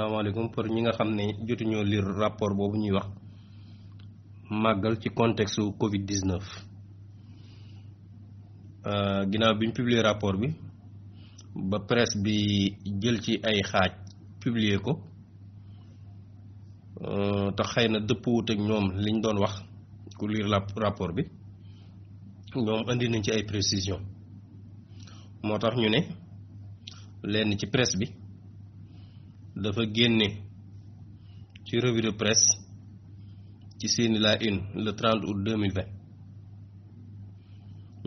asalaamaaleykum pour ñi nga xam ne jotuñoo lire rapport boobu ñuy wax màggal ci contexte Covid 19. Euh, ginnaaw bi ñu publier rapport bi ba presse bi jël ci ay xaaj publier ko euh, te xëy na dëppwut ak ñoom liñ doon wax ku lire la rapport bi ñoom indi nañ ci ay précision moo tax ñu ne lenn ci presse bi. dafa génne ci revue de ci seeni la une le 30 août 2020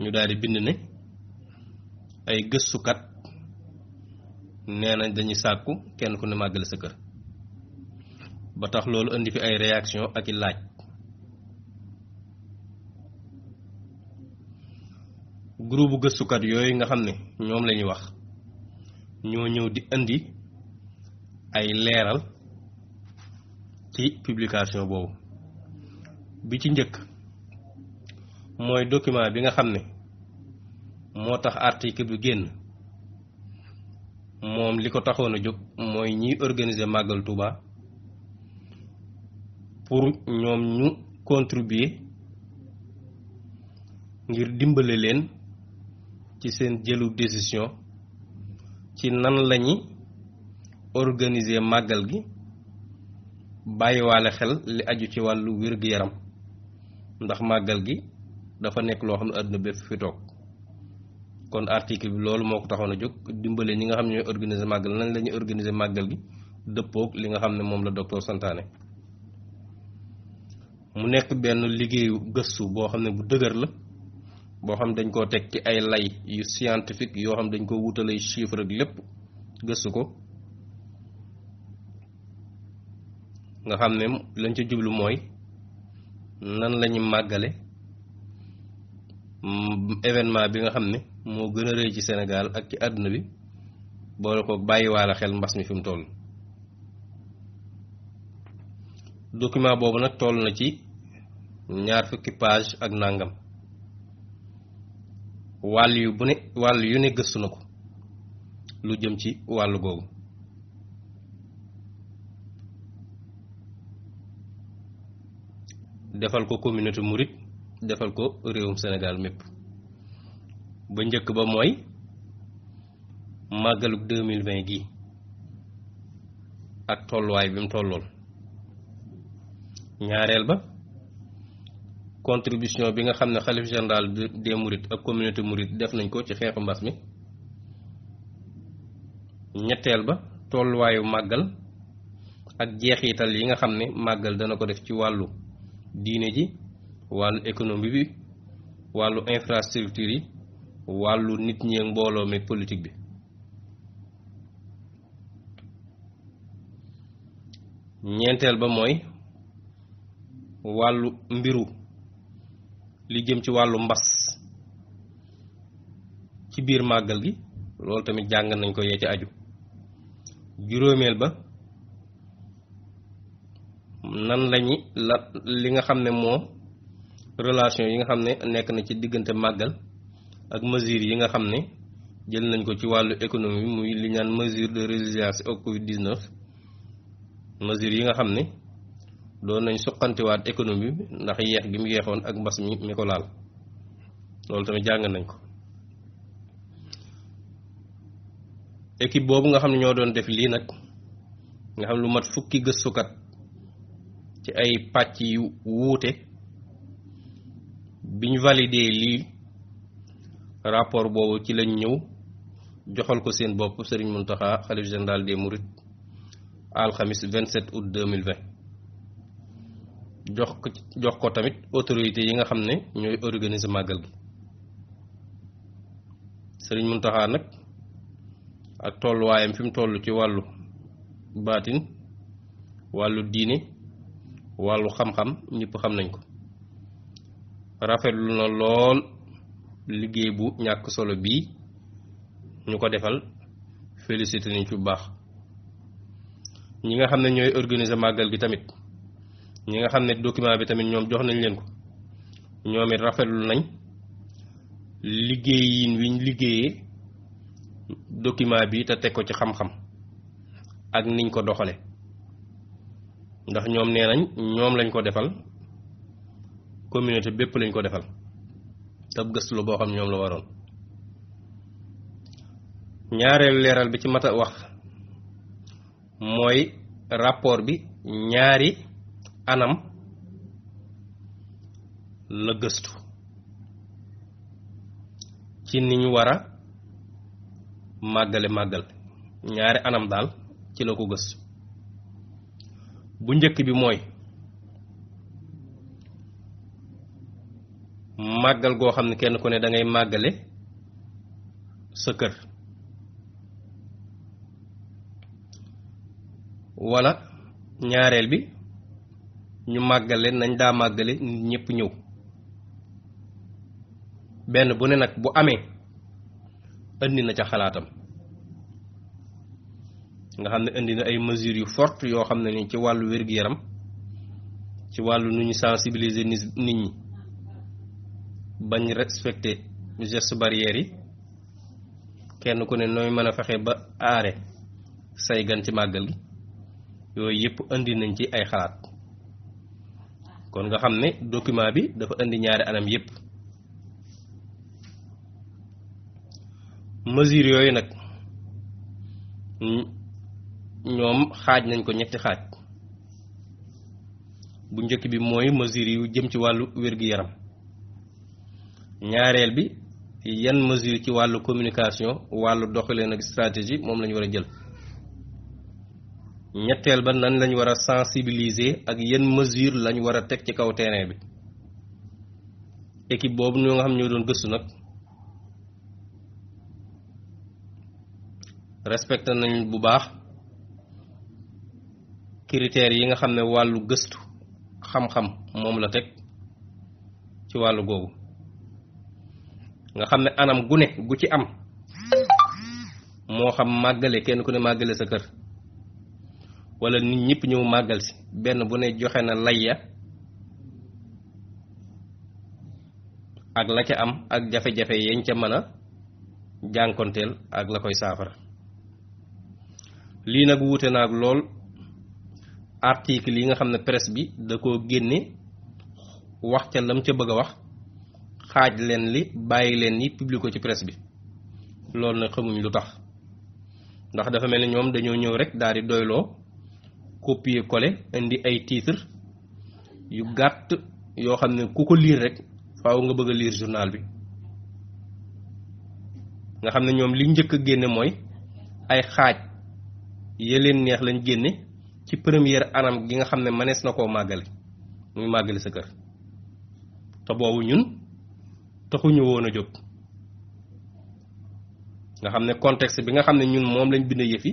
ñu daal di bind ne ay gëstukat nee nañ dañuy sàkku kenn ku ne màggale sa kër ba tax loolu indi fi ay réaction ak i laaj groupe gëstukat yooyu nga xam ne ñoom lañuy wax ñoo ñëw di indi ay leeral ci publication boobu bi ci njëkk mooy document bi nga xam ne moo tax article bi génn moom li ko taxoon a jóg mooy ñiy organiser màggal Touba pour ñoom ñu contribuer ngir dimbale leen ci seen jëlu décision ci nan lañu organiser màggal gi bàyyiwaale xel li aju ci wàllu wér yaram ndax màggal gi dafa nekk loo xam ne àdduna bépp fi toog kon article bi loolu moo ko taxoon a jóg dimbale ñi nga xam ne ñooy organiser màggal nañ la ñuy màggal gi dëppoog li nga xam ne moom la docteur santaane mu nekk benn liggéeyu gëstu boo xam ne bu dëgër la boo xam dañ koo teg ci ay lay yu scientifique yoo xam dañ ko wutale chiffre ak lépp gëstu ko nga xam ne lañ ca jublu mooy nan lañu màggale événement bi nga xam ne moo gën a rëy ci Sénégal ak ci àdduna bi boole ko bàyyiwaale xel mbas mi fi mu toll document boobu nag tool na ci ñaar fukki page ak nàngam wàll yu bu ne wàll yu ne gëstu na ko lu jëm ci wàll googu defal ko communauté murit defal ko réewum Sénégal mépp ba njëkk ba mooy màggalug 2020 gi ak tolluwaay bi mu tollool ñaareel ba contribution bi nga xam ne xalif général des Mourides ak communauté Mouride def nañ ko ci xeexu mbas mi ñetteel ba tolluwaayu màggal ak jeexital yi nga xam ne màggal dana ko def ci wàllu diine ji wàllu économie bi wàllu infrastructure yi wàllu nit ñi ak mbooloo meeg politique bi ñeenteel ba mooy wàllu mbiru li jëm ci wàllu mbas ci biir màggal gi loolu tamit jàng nañ ko yee ci aju juróomeel ba nan lañu la li nga xam ne moo relation yi nga xam ne nekk na ci diggante màggal ak mesures yi nga xam ne jël nañ ko ci wàllu économie muy li ñaan mesure de résilience au Covid 19 mesures yi nga xam ne doon nañ suqantiwaat économie bi ndax yeex gi mu yeexoon ak mbas mi mi ko laal loolu tamit jàng nañ ko équipe boobu nga xam ne ñoo doon def lii nag nga xam lu mat fukki gëstukat ci ay pàcc yu wuute bi ñu validé lii rapport boobu ci lañ ñëw joxal ko seen bopp Serigne Mountakha xalif général des Mourides alxamis 27 août 2020 jox ko jox ko tamit autorité yi nga xam ne ñooy organiser màggal gi Serigne Mountakha nag ak tolluwaayam fi mu toll ci wàllu baatin wàllu diine. wàllu xam-xam ñëpp xam nañ ko rafetlu na lool liggéey bu ñàkk solo bii ñu ko defal félicité nañ ci bu baax ñi nga xam ne ñooy organiser màggal gi tamit ñi nga xam ne document bi tamit ñoom jox nañ leen ko ñoom it rafetlu nañ liggéeyin wiñ liggéeyee document bii te teg ko ci xam-xam ak niñ ko doxale ndax ñoom nee nañ ñoom lañ ko defal communauté bépp lañ ko defal tab gëstu la boo xam ñoom la waroon ñaareelu leeral bi ci mat a wax mooy rapport bi ñaari anam la gëstu ci ni ñu war a màggale màggal ñaari anam daal ci la ko gëstu bu njëkk bi mooy màggal goo xam ne kenn ku ne dangay màggale sa kër wala ñaareel bi ñu màggale nañ daa màggale nit ñëpp ñëw benn bu ne nag bu amee andi na ca xalaatam nga xam ne indi na ay mesures yu fort yoo xam ne ni ci wàllu wér-gu-yaram ci wàllu nu ñu sensibiliser nit ñi bañ respecter gestes barrières yi kenn ku ne nooy mën a fexe ba aare say gan ci màggal gi yooyu yëpp indi nañ ci ay xalaat kon nga xam ne document bi dafa indi ñaari anam yëpp mesures yooyu nag. ñoom xaaj nañ ko ñetti xaaj bu njëkk bi mooy mesure yu jëm ci wàllu wér-gu-yaram ñaareel bi yan mesure ci wàllu communication wàllu doxaleen ak stratégie moom la ñu war a jël ñetteel ba nan lañ war a sensibiliser ak yan mesure lañu war a teg ci kaw terrain bi équipe boobu ñoo nga xam ñoo doon gëstu nag respecté nañ bu baax critères yi nga xam ne wàllu gëstu xam-xam moom la teg ci wàllu googu nga xam ne anam gu ne gu ci am moo xam màggale kenn ku ne màggale sa kër wala nit ñëpp ñëw màggal si benn bu ne joxe na ya ak la ca am ak jafe-jafe yañ ca mën a jànkonteel ak la koy saafara lii nag wuute naag lool article yi nga xam ne presse bi da koo génne wax ca lam ca bëgg wax xaaj leen li bàyyi leen yi publie ko ci presse bi loolu nag xamuñ lu tax ndax dafa mel ni ñoom dañoo ñëw rek daal di doyloo copier kole indi ay titre yu gàtt yoo xam ne ku ko liir rek faaw nga bëgg liir journal bi nga xam ne ñoom li njëkk a génne mooy ay xaaj ya leen neex lañ génne ci première anam gi nga xam ne mënees na koo màggale muy màggale sa kër te boobu ñun taxuñu woon a jóg nga xam ne contexte bi nga xam ne ñun moom lañ bind yëf yi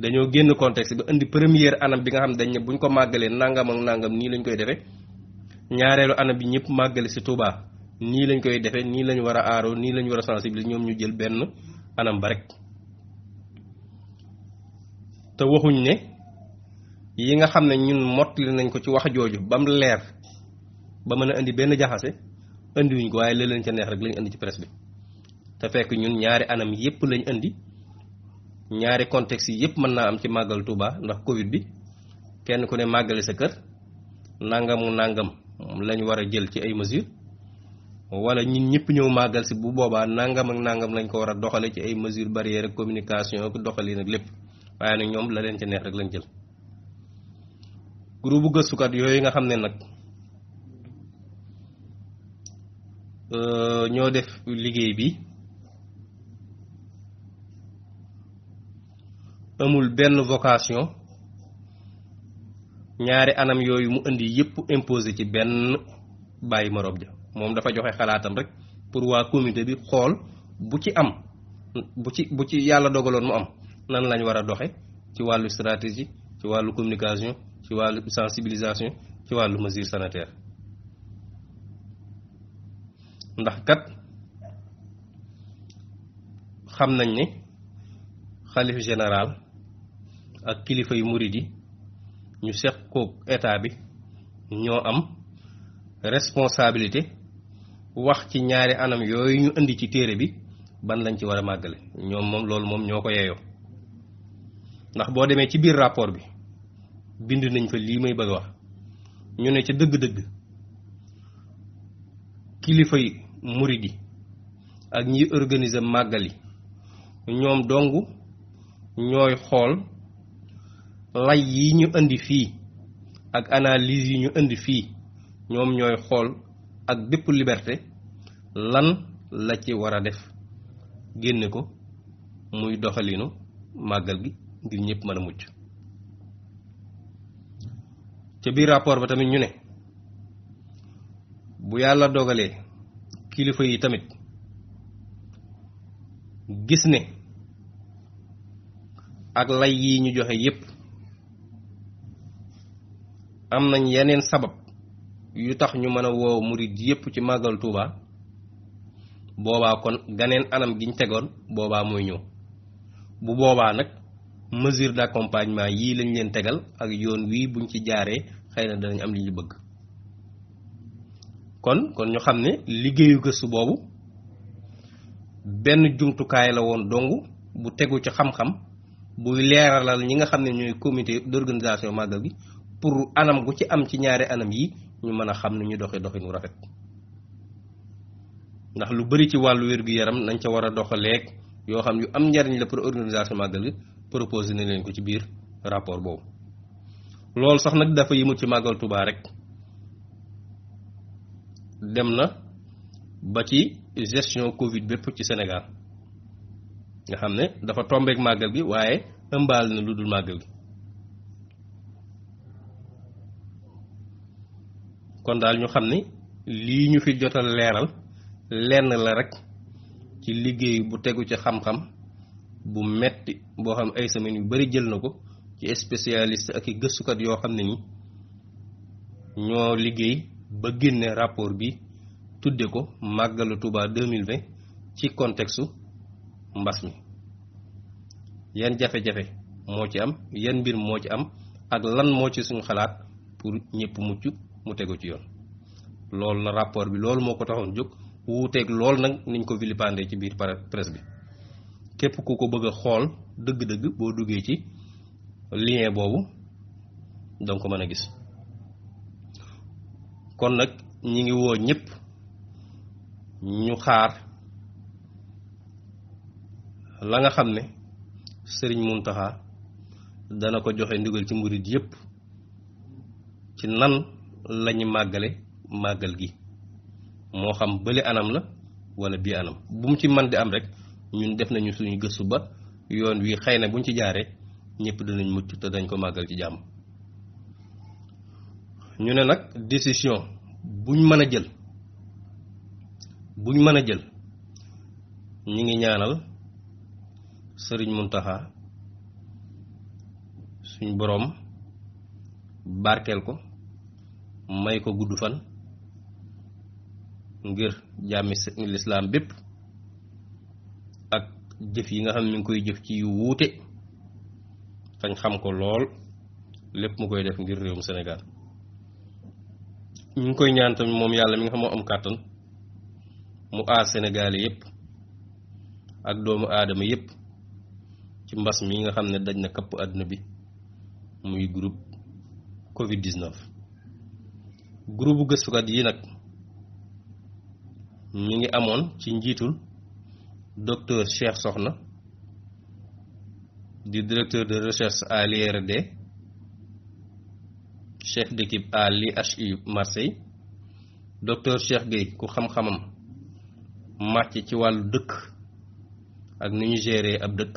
dañoo génn contexte bi indi première anam bi nga xam ne dañ ne buñ ko màggalee nangam ak nangam nii lañ koy defee ñaareelu anam bi ñëpp màggale si Touba nii lañ koy defe nii lañu war a aaroo nii lañu war a sensibiliser ñoom ñu jël benn anam ba rek te waxuñ ne. yi nga xam ne ñun mottali nañ ko ci wax jooju ba mu leer ba mën a indi benn jaxase indiwuñ ko waaye la leen ca neex rek lañ indi ci presse bi fekk ñun ñaari anam yëpp lañ indi ñaari contexte yëpp mën naa am ci màggal Touba ndax Covid bi kenn ku ne màggale sa kër nangamu nangam lañ war a jël ci ay mesures wala ñun ñëpp ñëw màggal si bu boobaa nangam ak nangam lañ ko war a doxale ci ay mesures barrières communication ak ak lépp waaye nag ñoom la leen ca neex rek lañ jël. groupe bu gëstukat yooyu nga xam ne nag euh, ñoo def liggéey bi amul benn vocation ñaari anam yooyu mu indi yépp imposé ci benn bàyyi moroom ja moom dafa joxe xalaatam rek pour waa comité bi xool bu ci am bu ci bu ci yàlla dogaloon mu am nan lañ war a doxe ci wàllu stratégie ci wàllu communication ci wàllu sensibilisation ci wàllu mesure sanitaire ndax kat xam nañ ni xalif général ak kilifa yu murid yi ñu seq koog état bi ñoo am responsabilité wax ci ñaari anam yooyu ñu indi ci téere bi ban lañ ci war a màggale ñoom moom loolu moom ñoo ko yeyoo ndax boo demee ci biir rapport bi bind nañ fa lii may bëgg wax ñu ne ca dëgg-dëgg kilifa yi ak ñiy organiser màggal yi ñoom dong ñooy xool lay yi ñu indi fii ak analyse yi ñu indi fii ñoom ñooy xool ak bépp liberté lan la ci war a def génne ko muy doxalinu màggal gi ngir ñëpp mën a mucc ca biir rapport ba tamit ñu ne bu yàlla dogalee kilifa yi tamit gis ne ak lay yi ñu joxe yépp am nañ yeneen sabab yu tax ñu mën a woo murid yépp ci màggal Tuuba boobaa kon ganeen anam giñ tegoon boobaa mooy ñëw bu boobaa nag mesure d'accompagnement yii lañ leen tegal ak yoon wii buñ ci jaaree xëy na danañ am li ñu bëgg kon kon ñu xam ne liggéeyu gëstu boobu benn jumtukaay la woon dong bu tegu ci xam-xam buy leeralal ñi nga xam ne ñooy comité d'organisation màggal gi pour anam gu ci am ci ñaari anam yi ñu mën a xam ne ñu doxee doxinu rafet ndax lu bari ci wàllu wér-gu-yaram nañ ca war a doxaleeg yoo xam yu am njariñ la pour organisation màggal gi proposé nañ leen ko ci biir rapport boobu loolu sax nag dafa yëmut ci màggal Tuubaa rek dem na ba ci gestion Covid bépp ci Sénégal nga xam ne dafa tombeek màggal gi waaye ëmbal na lu dul màggal gi kon daal ñu xam ni li ñu fi jotal leeral lenn la rek ci liggéey bu tegu ci xam-xam bu metti boo xam ay semaines yu bari jël na ko ci spécialiste ak i gëstukat yoo xam ne ni ñoo liggéey ba génne rapport bi tudde ko màggalu Touba 2020 ci contexte mbas mi yan jafe-jafe moo ci am yan mbir moo ci am ak lan moo ci suñu xalaat pour ñëpp mucc mu tegu ci yoon loolu na rapport bi loolu moo ko taxoon jóg wuuteeg loolu nag niñ ko vilipandé ci biir presse bi képp ku ko bëgg xool dëgg-dëgg boo duggee ci lien boobu danga ko mën a gis kon nag ñi ngi woo ñëpp ñu xaar la nga xam ne sëriñ Muntaxa dana ko joxe ndigal ci murit yëpp ci nan lañu màggale màggal gi moo xam bële anam la walla bii anam bu mu ci man di am rek ñun def nañu suñu gëstu ba yoon wii xëy na buñ ci jaaree ñëpp dinañ mucc te dañ ko màggal ci jàmm ñu ne nag décision buñ mën a jël buñ mën a jël ñi ngi ñaanal sëriñ Muntaxa suñ boroom barkeel ko may ko gudd fan ngir jàmmi si lislaam bépp jëf yi nga xam ne mi ngi koy jëf ci yi wuute tañ xam ko lool lépp mu koy def ngir réewum senegal mu ngi koy ñaan moom yàlla mi nga xam am kàttan mu aar Sénégal yépp ak doomu aadama yépp ci mbas mi nga xam ne daj na kapp àddina bi muy groupe Covid 19. bu gëstukat yi nag mu ngi amoon ci njiitul. docteur Cheikh Sokhna di directeur de recherche à de chef d'équipe à li l'IHU Marseille docteur Cheikh Gueye ku xam-xamam màcc ci wàllu dëkk ak ni ñu gérer ab dëkk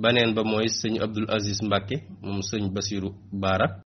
baneen ba mooy sëñ Abdul Aziz Mbàkke moom sëñ Basiru Baara